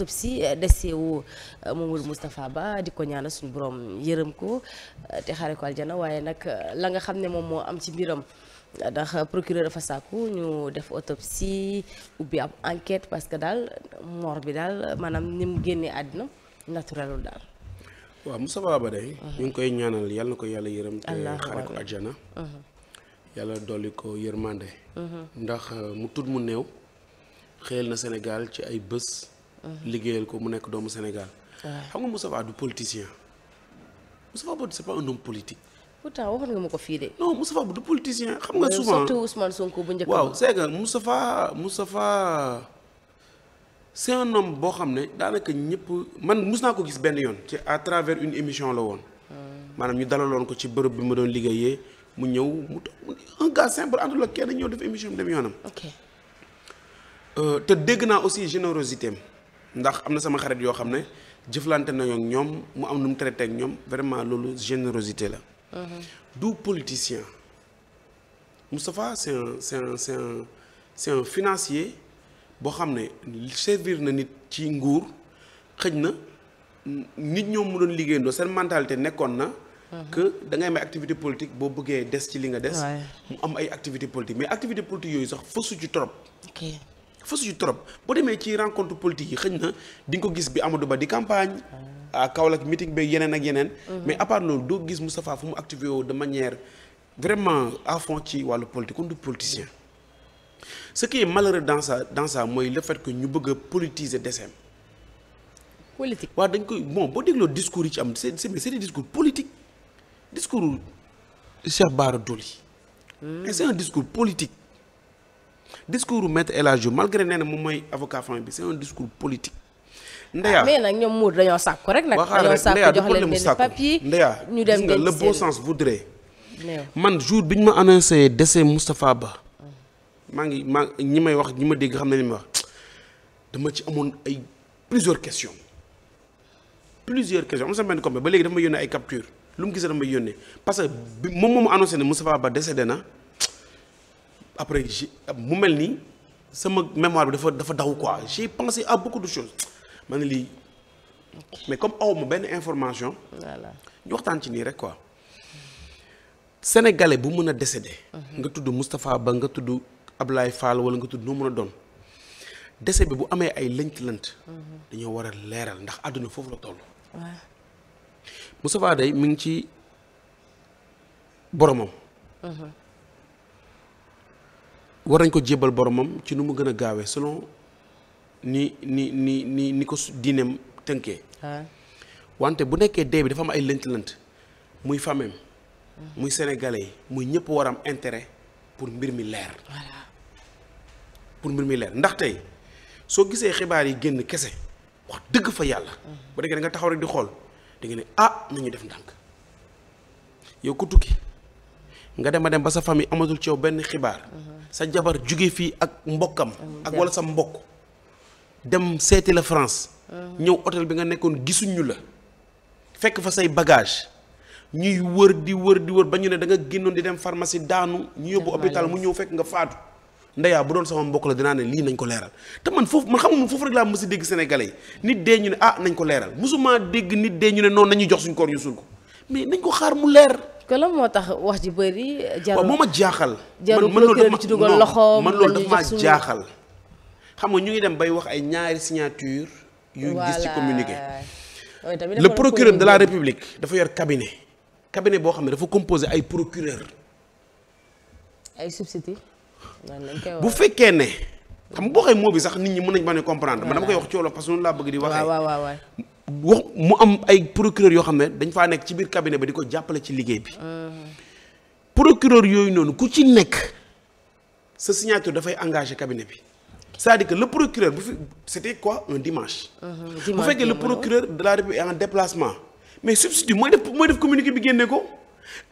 autopsie euh, deseewu euh, Mamadou Moustapha Ba di ko ñaanal suñu borom yërëm ko euh, te xaare ko aljana waaye nag la nga xam ne moom moo am ci mbiram ndax procureur dafa sàkku ñu def autopsie ubbi ab enquête parce que daal mort bi daal maanaam ni mu génnee àddina naturelul daal. waaw Moustapha Ba day ñu ngi koy ñaanal yàlla na ko yàlla yërëm. te xaare ko aljana mhm. yàlla dolli ko yërmande. Mhm. ndax mu tudd mu néew. xëyal na Sénégal ci ay bës liggéeyal ko mu nekk doomu Sénégal. xam nga Moustapha du politicien Moustapha Ba ma ko fii de. non du politicien xam nga souvent surtout Ousmane Sonko bu njëkk waaw c'est que Moustapha Moustapha c'est un boo xam ne daanaka ñëpp man mus naa ko gis benn yoon. ci à travers une émission la woon. Hmm. maanaam ñu dalaloon ko ci bërëb bi ma doon liggéeyee mu ñëw mu toog un gars simple àndul ak kenn ñëw def émission dem yoonam. ok euh, te dégg naa aussi générosité ndax am na sama xarit yoo xam ne jëflante nañoo ak ñoom mu am nu mu traité ak ñoom vraiment loolu générosité la. Mhm. du politicien. Moustapha c'est un c'est un c'est un c'est financier boo xam ne servir na nit ci nguur xëj na nit ñoom mu doon liggéeyandoo seen mentalité nekkoon na. Mhm. que da ngay may activité politique boo bëggee des ci li nga des. mu am ay activité politique mais activité politique yooyu sax fasu ci trop. dafa suñu trop boo demee ci rencontre politique yi xëñ na di nga ko gis bi Amadou Ba di campagne. Ah. à Kaolack meeting beeg yeneen ak yeneen. Mhm. mais à part loolu doo gis Moustapha fu mu activé woo de manière vraiment à fond ci wàllu politique kon du politicien. ce qui est malheureux dans ça dans mooy le fait que ñu bëgg a politiser desem. politique waaw dañ koy bon boo dégloo discours yi ci am seen c'est des discours politique discours Cheikh Bara Dolly. Hmm. c'est un discours politique. discours maître El Hadji Diouf malgré nee na moom mooy avocat famille bi c'est un discours politique. Ndeya ah, mais nag ñoom muur dañoo sàkku rek nag. dañoo sàkku jox leen benn papier ñu dem nga le bon sens voudrait. man jour bi ñu ma annoncé décès Moustapha Ba. maa ngi maa ñi may wax ñi ma dégg xam ne li may wax dama ci amoon ay plusieurs questions. plusieurs questions am sama benn compé ba léegi dafa ma yónnee ay capture lu mu gis dafa may yónnee parce que bi moom moomu annoncé ne Moustapha Ba décédé na. après j' mu mel nii sama mémoire bi dafa dafa daw quoi j'ai pensé à beaucoup de choses ma ne lii mais comme awma benn information. voilà ñu waxtaan ci nii rek quoi. sénégalais bu mën a décédé. Mhm. nga tudd mustafa Ba nga tudd Ablaye Fall wala nga tudd noo mën a doon décès bi bu amee ay lënt-lënt. Mhm. dañoo war a leeral ndax àdduna foofu la toll. waaw Moustapha day ngi ci boromam. Mhm. war nañ ko jébbal boromam ci nu mu gën a gaawee selon ni ni ni ni ni ko diineem tënkee. Ah. wante bu nekkee dee bi dafa am ay lënt-lënt muy famem muy sénégalais yi muy ñëpp war am intérêt pour mbir mi leer. voilà mi leer ndax tey soo gisee xibaar yi génn kese wax dëgg fa yàlla. Mm-hmm. ba dëgg da nga taxaw rek di xool da nga ne ah nañu def ndànk yow ku tukki. nga dem a dem ba sa famille amatul ci benn xibaar uh-huh. sa jabar jóge fii ak mbokkam ak walla sa mbokk dem seeti la France uh-huh. ñëw hôtel bi nga nekkoon gisuñu la fekk fa say bagage ñuy wër di wër di wër ba ñu ne da nga génnoon di dem pharmacie daanu ñu yóbbu hôpital mu ñëw fekk nga faatu ndeyaa bu doon sama mbokk la dinaa ne lii nañ ko leeral te man foofu man xamuma foofu rek laa mës a dégg sénégalais yi nit dee ñu ne ah nañ ko leeral mosuma dégg nit dee ñu ne noonu nañu jox suñ koor ko mu leer que moo tax wax ji bëri. jarul moom moo ma jaaxal. jarul procureur ci dugal loxo man loolu dafa ma jaaxal. xam nga ñu ngi dem bay wax ay ñaari signature yu gis ci communiqué. le procureur de la république dafa yor cabinet cabinet boo xam ne dafa composé ay procureur ay substitut bu fekkee ne xam nga boo xee moo bi sax nit ñi mën nañ bañ a comprendre man dama koy wax ci wolof parce que noonu laa bëgg di waxee mu am ay procureur yoo xam ne dañ faa nekk ci biir cabinet bi di ko jàppale ci liggéey bi uh-huh. procureur yooyu noonu ku ci nekk sa dafay engagé cabinet bi cest à le procureur bu fi c'était quoi un dimanche bu uh-huh, fekkee le procureur de la République est en déplacement mais substitut mooy def mooy def communiqué bi génne ko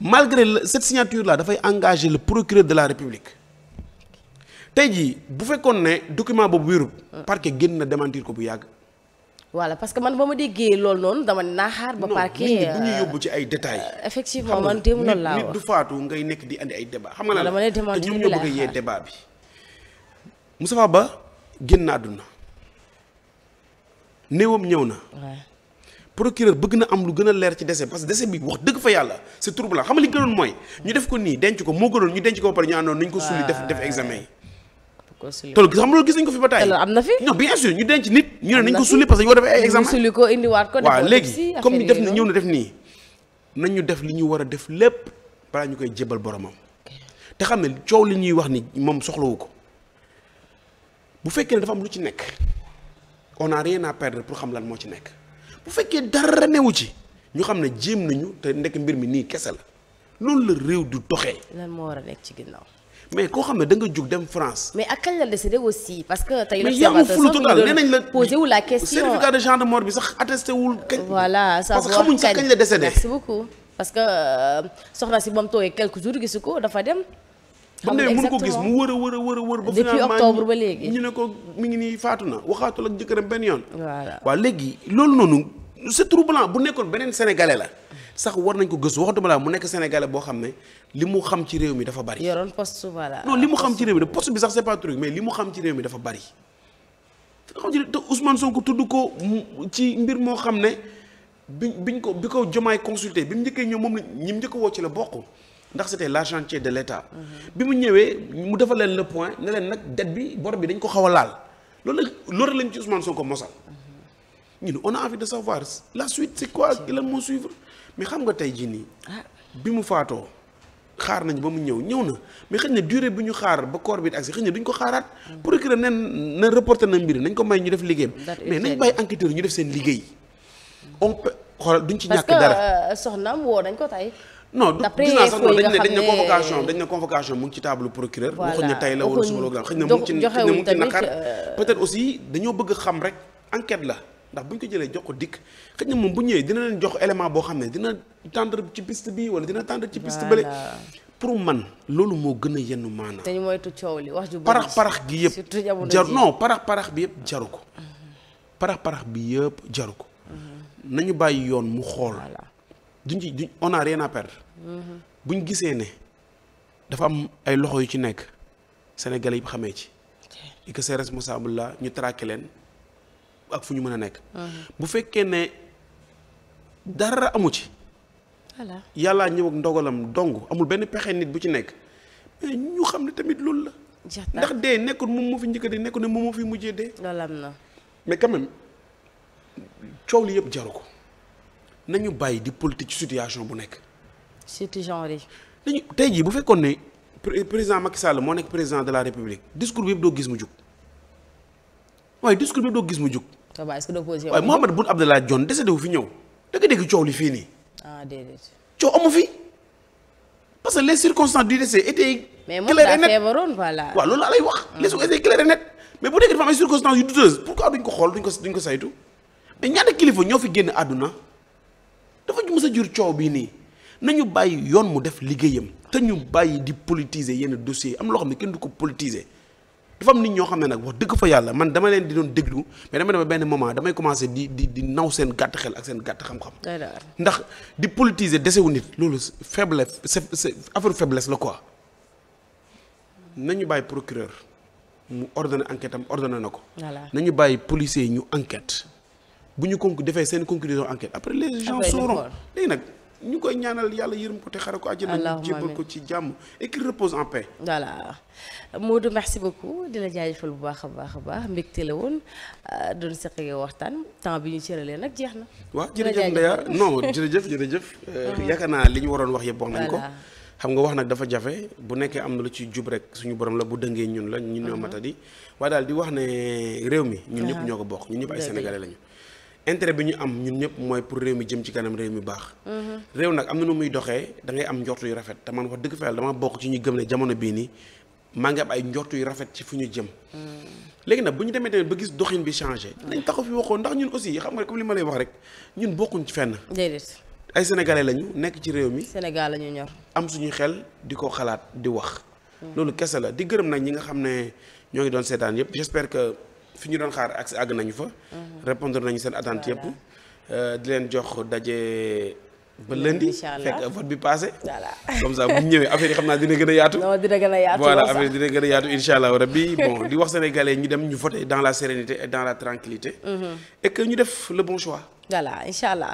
malgré cette signature là dafay engagé le procureur de la République tey jii bu fekkoon ne document boobu wérul. Ah. parquet génn na démentir ko bu yàgg. voilà parce que man ba ma déggee lool noonu dama naa xaar. ba parquet non bu ñuy euh, yóbbu ci ay détails. effectivement man démb laa wax nit du faatu ngay nekk di indi ay débat xam nga dama ne démentir te ñoom ñoo bëgg a yee débat bi. Moustapha Ba génn na àdduna néewam ñëw na. procureur bëgg na am lu gën a leer ci décès parce que décès bi wax dëgg fa yàlla c'est troublant xam nga li gënoon mooy. ñu def ko nii denc ko moo gënoon ñu denc ko ba pare ñu àndoon nañ ko def def tool gis xam loolu gis nañ ko fi ba tàyyi am na fi non bien sûr ñu denc nit ñu ne nañ ko sulli parce que ñoo defee ay examen waa ko indiwaat ko waaw léegi comme ñu def ni ñëw na def nii nañ ñu def li ñu war a def lépp balaa ñu koy jébal boromam te xam ne coow li ñuy wax ni moom soxlawu ko bu fekkee ne dafa am lu ci nekk on n'a rien à perdre pour xam lan moo ci nekk bu fekkee dara newu ci ñu xam ne jéem nañu te ndekk mbir mi nii kese la loolu la réew du doxee lan moo war a nekk ci ginnaaw mais koo xam ne da nga jug dem France. mais ak kañ la décédé aussi parce que tey. l'observateur sax nee nañ la posé wu la question certificat de de mort bi sax attesté que xamuñ sax euh, si ba mu toogee quelques gisu ko dafa dem. xam nga exactement mën ko gis mu wër a wër a wër a wër. ba depuis octobre ba léegi ñu ne ko mi ngi nii faatu na waxaatul ak jëkkëram benn yoon. waa léegi loolu noonu c'est troublant bu nekkoon beneen sénégalais la sax war nañ ko gëstu waxatuma laa mu nekk sénégalais boo xam ne li mu xam ci réew mi dafa bari. yoroon poste voilà. non li mu xam ci réew mi poste bi sax c'est pas truc mais li mu ci dafa bari. xam ci te Sonko tudd ko ci mbir moo xam ne bi biñ ko bi ko jomaay consulté bi mu njëkkee ñëw moom la ñi mu njëkk woo ci la boq ndax c'était l'argentier de l'État. Mhm. bi mu ñëwee mu defal leen le point ne leen nag dette bi bor bi dañ ko xaw a laal loolu la loolu lañ ci Ousmane Sonko mosal. Mhm. ñun on a envie de savoir la suite c'est lan moo suivre. mais xam nga tey jii nii. Ah. bi mu faatoo xaar nañ ba mu ñëw ñëw na mais xëy na durée bi ñu xaar ba corps bi ak si xëy na duñ ko xaaraat. Mm. procureur nen na reporté na mbir nañ ko may ñu def liggéeyam. mais nañ bàyyi enquêteurs ñu def seen liggéey. Mm. on peut duñ ci ñàkk dara parce euh, que soxnaam woo dañ ko tey. non du gis naa sax dañ ne dañ ne convocation dañ ne convocation mu ngi ci table procureur. voilà waxuñ ne tey la wala suba la xëy na mu ngi ci naqar euh, peut-être aussi dañoo bëgg xam rek enquête la. ndax bu ñu ko jëlee jox ko dikk xëy na moom bu ñëwee dina leen jox élément boo xam ne dina tendre ci piste bi wala dina tendre ci piste bële pour man loolu moo gën a yenn maanaam. te ñu moytu coow li wax ju parax parax gi yëpp surtout jamono jaru non parax parax bi yëpp jaru ko. parax bi yëpp jaru ko. nañu bàyyi yoon mu xool. duñ ci duñ on a rien à perdre. buñ gisee ne dafa am ay loxo yu ci nekk sénégalais yi xamee ci. et que ces responsables là ñu traqué leen. ak fu ñu mën a nekk. Uh-huh. bu fekkee ne dara amu ci. voilà yàllaa ñëw ak ndogalam dong amul benn pexe nit bu ci nekk mais ñu xam ne tamit loolu la. ndax dee nekkul moom moo fi njëkk de nekkul ne moom moo fi mujjee dee. loolu am coow li yëpp jaru ko nañu bàyyi di politique ci situation bu nekk. surtout genre yi. nañu tey jii bu fekkoon ne président Macky Sall moo nekk président de la république discours bi yëpp doo gis mu jug waaye discours yëpp doo gis mu jug. ça va est-ce que l'opposition waaye wu fi ñëw da dégg coow li fii nii. Ah, coow amu fi parce que les circonstances du décès étaient. mais moom daa feebaroon voilà. waaw loolu laa lay wax. Mm. les circonstances étaient claires et nettes mais am duñ ko xool duñ ko saytu ñaata kilifa ñoo fi génn àdduna dafa mës a jur coow bii nii nañu bàyyi yoon mu def liggéeyam te ñu bàyyi di politiser yenn dossiers am loo xam ne kenn du ko politiser. dafa am nit ñoo xam ne nag wax dëgg fa yàlla man dama leen di doon déglu mais dama dama benn moment damay commencé di di di naw seen gàtt xel ak seen gàtt xam-xam ndax di politiser desewu nit loolu faiblesse c'est affaire faiblesse la quoi nañu bàyyi procureur mu ordonné enquête am ordonné na ko nañu bàyyi policier yi ñu enquête bu ñu conc defee seen conclusion enquête après les gens sauront léegi nag ñu koy ñaanal yàlla yërëm ko te xare ko àjjana ñu jébbal ko ci jàmm et qu'il repose en paix moo Modou merci beaucoup di la jaajëfal bu baax a baax a baax mbégte la woon euh, doon seq yow waxtaan temps bi ñu cëralee nag jeex na waaw jërëjëf Ndeya non jërëjëf jërëjëf euh, yaakaar naa li ñu waroon wax yëpp wax nañ ko xam nga wax nag dafa jafe bu nekkee am na lu ci jub rek suñu borom la bu dëngee ñun la ñu ñoo uh-huh. matadi waaye daal di wax ne réew mi ñun ñëpp uh-huh. ñoo ko bokk ñun ñëpp ay sénégalais lañu intérêt bi ñu am ñun ñëpp mooy pour réew mi jëm ci kanam réew mi baax. Mm-hmm. réew nag am na nu muy doxee da ngay am njortu yu rafet te man wax dëgg fa yàlla dama bokk ci ñu gëm ne jamono bii nii maa am ay njortu yu rafet ci fu ñu jëm. Mm-hmm. léegi nag bu ñu demee tamit ba gis doxin bi changé. Mm-hmm. nañ taxaw fi waxoon ndax ñun aussi xam nga comme li ma lay wax rek ñun bokkuñ ci fenn. déedéet ay sénégalais lañu nekk ci réew mi. Sénégal lañu ñor. am suñu xel di ko xalaat di wax. loolu kese la di gërëm nag ñi nga xam ne ñoo ngi doon seetaan yëpp j'espère que fi ñu doon xaar accès àgg nañu fa. Mhm. répondre nañu seen attente yëpp. Euh, di leen jox daje. ba fekk vote bi passé. comme ça bu ñëwee affaire xam naa dina gën a yaatu. non dina a yaatu voilà affaire yi dina gën a yaatu incha allah rabbi bon di wax sénégalais ñu dem ñu voter dans la sérénité et dans la tranquillité mhm. et ñu def le bon choix. voilà incha allah.